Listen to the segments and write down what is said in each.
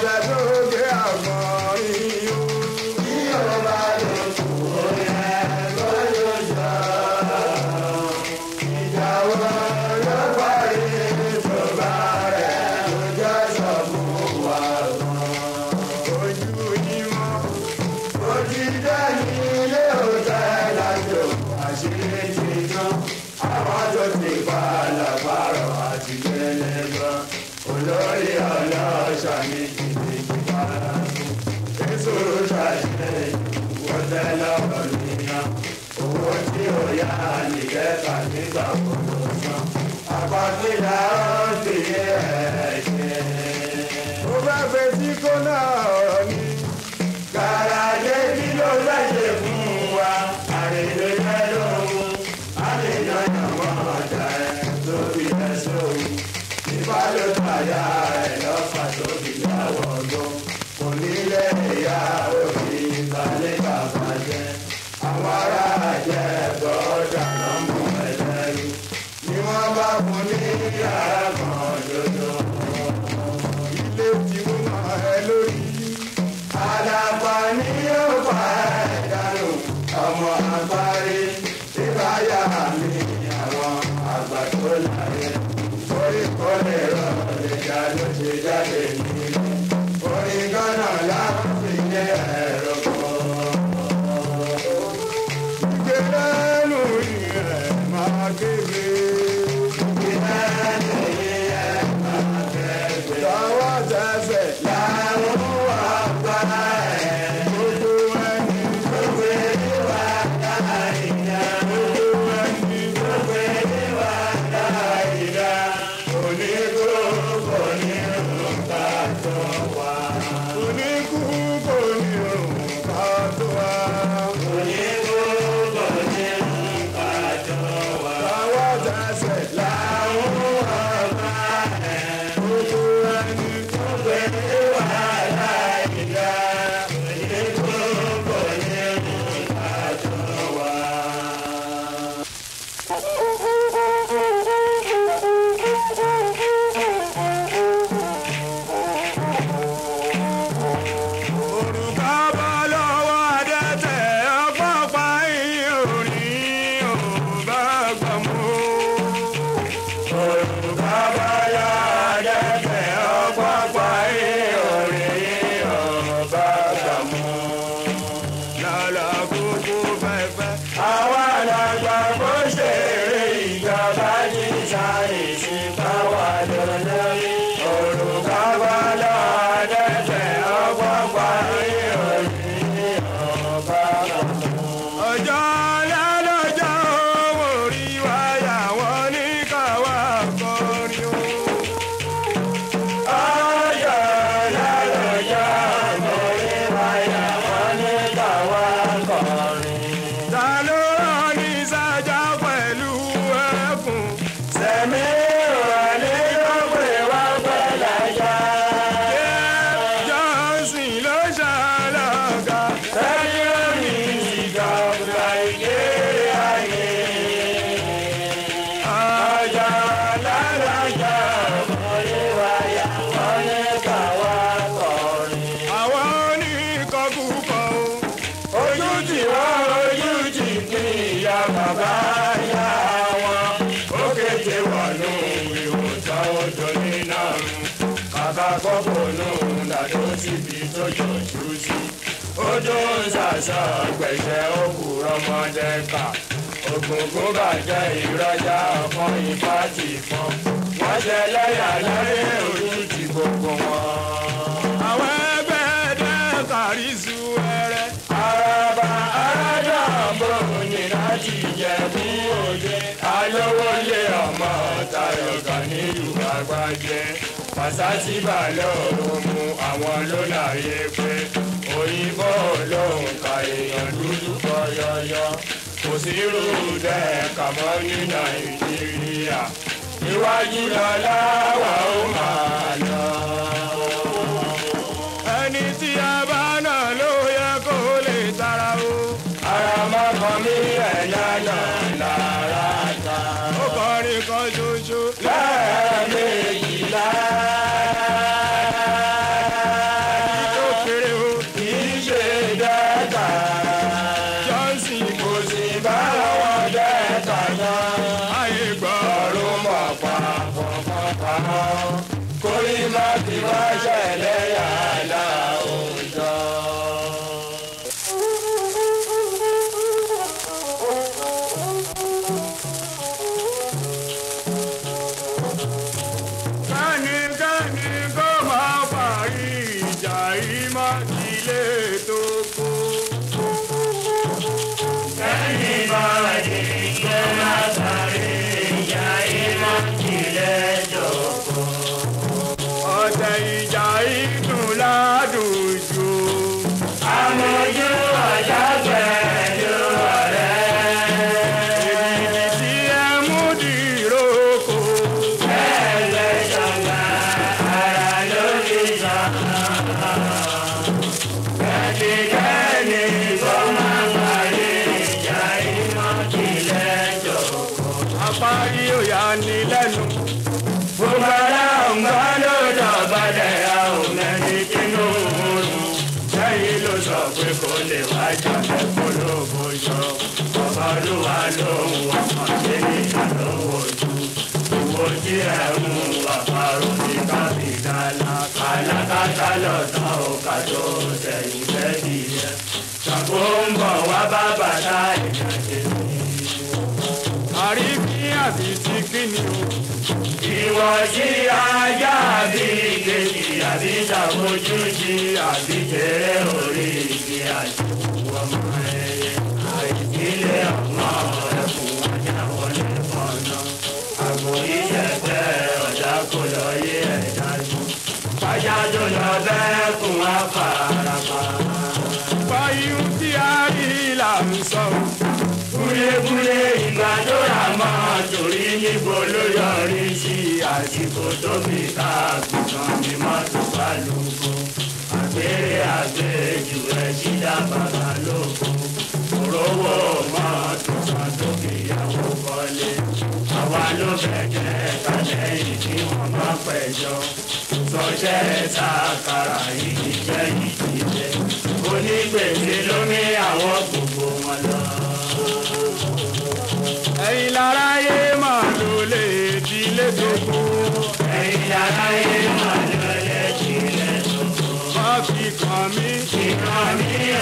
Jagadoo. kẹfà nígbà wọ́n lọ. àpagbéra ó sì yẹ ẹ̀jẹ̀. ó bá fẹ́ sí kọ́nà ọ̀ọ́ni. kàràdé kí ló ṣàṣe fún wa. àrèlè yẹn lóhun. àlejò àwọn ọ̀dà ẹ̀ lórí ẹ̀ sóhun. ìbá आगे Ojo ṣùṣù odò ṣàṣà gbẹ̀gbẹ́ òkúrọ̀ ọmọdé kà ògùngùn bàjẹ́ ìrọ́jà ọ̀kan ìfá ti fọ́n wọ́n ṣe lẹ́yà lórí ojú ti gbogbo wọn. àwọn ẹgbẹ́ dẹ́ kárí su ẹrẹ. araba arájà bò ní láti jẹ bí òde alówó lé ọmọ tayọ̀gà nílùú àgbájẹ fàṣàtì bà mu àwọn ló láyé pé òyìnbó lòun ka èèyàn dúdú kọ yọyọ kò sí rúdẹ kàmọ́ ní nàìjíríà iwájú lọ́lá wà ó máa lọ. ẹni tí a bá nà ló yẹ kó lè tara o. ara máa kan ẹ̀yà náà lára ta. ó kọrin kan ṣoṣo lẹ́ẹ̀mejì. love. kó lè wá jọlẹ̀ polówó yọ ọba olúwa lòun ọmọ ṣe ní àlọ́wọ́ ojú ìwò tí ẹ mú àparò ní kábídálá alákàtà lọ́tàn ọ̀kà tó tẹ̀yìn fẹ́ dìde ṣàkóńbọ̀ wá bá bàtà ìjà àbí ti kíni o. ìwọ sí ajá àbí kejì àbí sàmójújì àbí jẹrẹ orí ìgbé àti wọn mọ ẹyẹ àìsílẹ ọmọ ẹkùn ajá wọlé fọnà àgbòyíṣẹ tẹ ọjà kò lọ yé ẹ̀dá tó ajá tó lọ bẹ́ẹ̀ a rí là ń sọ. kúrẹ́kúrẹ́ ibo ló yọrí sí àsìkò tó fi ta àgùntàn ní mọ́tò balùkù àgbèrè àgbèjù ẹ̀ ṣídà bàbá lóko òróró mọ́tò kan tó fi yàwó kọ́lé àwa ló bẹ̀jẹ̀ kálẹ̀yìn tí wọ́n bá pẹ̀jọ́ sọ́jẹ́ sàkàrà yìí jẹ́ ìdílé onígbèsè ló ní àwọn gbogbo wọn lọ. ẹ̀yin lára yé. Amen.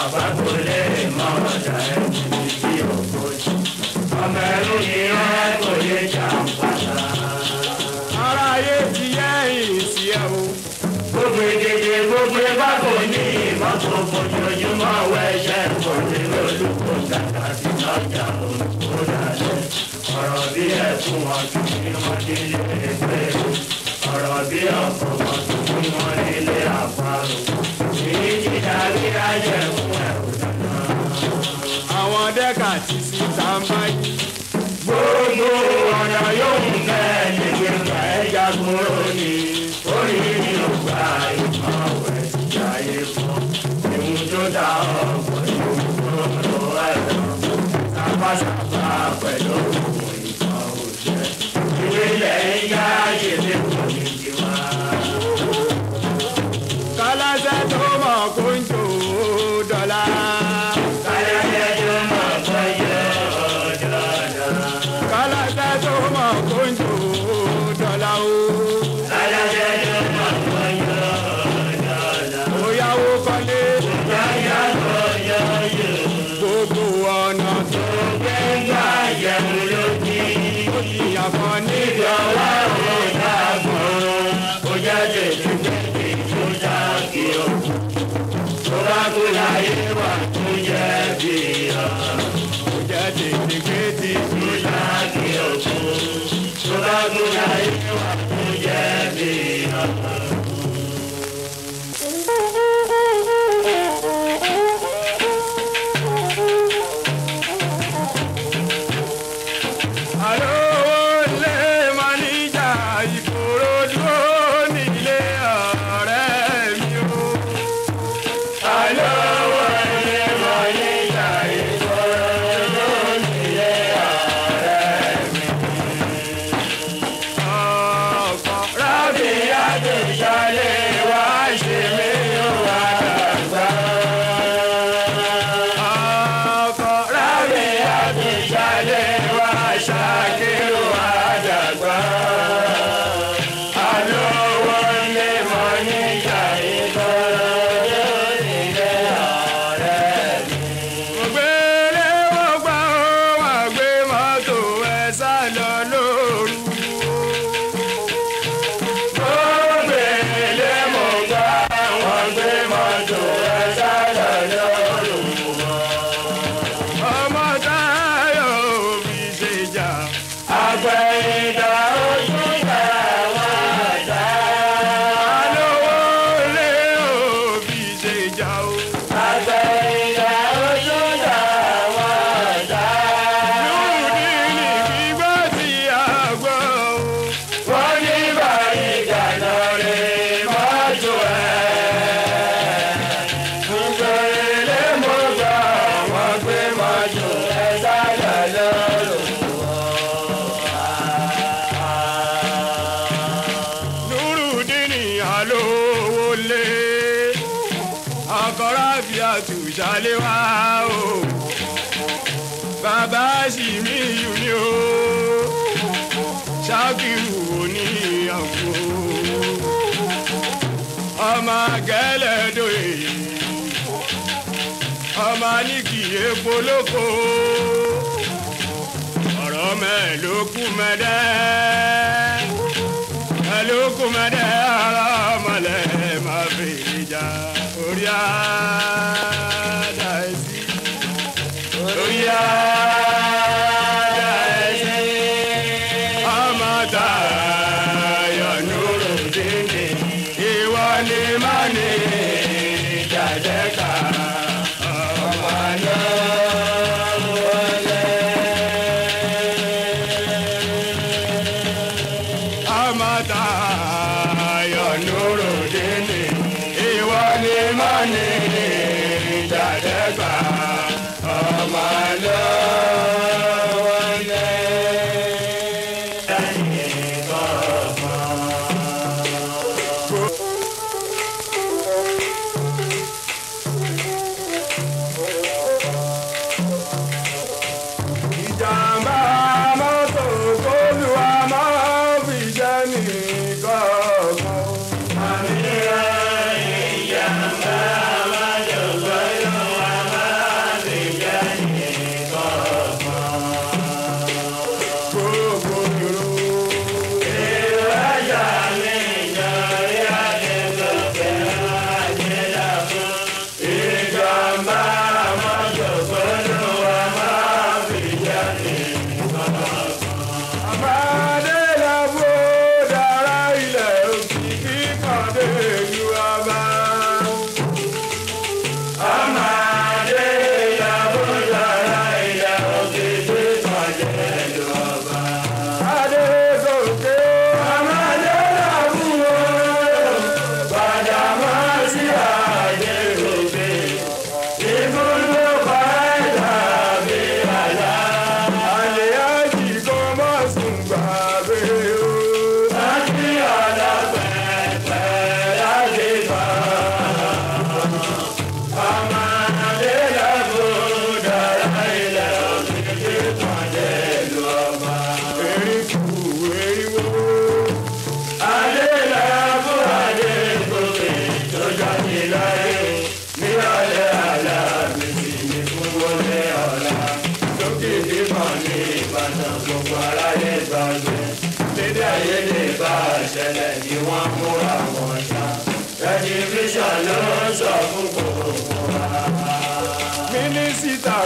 àbábọ̀lé mọ́jà ẹ̀ ti ògbójì ọmọ ẹ̀rú yìí rẹ̀ kò lè jà ń padà. ara ayé ti yẹ ìrìnsì ẹ o. gbogbo ìdíje gbogbo ìbákò ní ìbákò fojoojúmọ́ wẹ́ṣẹ̀ wọlé olùkọ́ dàgbà sí ọjà olùkọ́ dàgbà ọ̀rọ̀ bí ẹ̀kún ọdún ni wọ́n délé ẹgbẹ́ ọ̀rọ̀ bí ọ̀pọ̀ ọdún ni wọ́n délé àpárò. I want that sí tá a máa don't know. polóko ọ̀rọ̀ mẹ́ ló kú mẹ́dẹ́ mẹ́ ló kú mẹ́dẹ́ ara mọ́lẹ̀ máa fi ìjà orí ara. amata ayọ̀nùrò délé ìwọ ni ni ìjàdẹ́gbà ọmọ lọ́wọ́.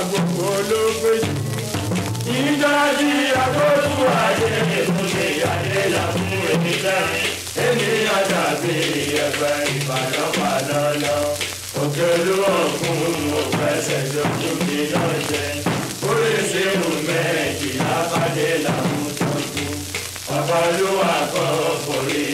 gbogbo olóògbèjì. ìjọ́jú àtọ́jú ayé ìmúlẹ̀ ayé làbú èmi náà. èmi àdàbí ẹgbẹ́ ìbàdànpadà lọ. òkè olúwa fún mo fẹsẹ̀ lójú mi lọ́jẹ́. ó lè ṣe mú méjìlá pàdé làwọn tó kú. ọ̀pọ̀ olúwa kan forí.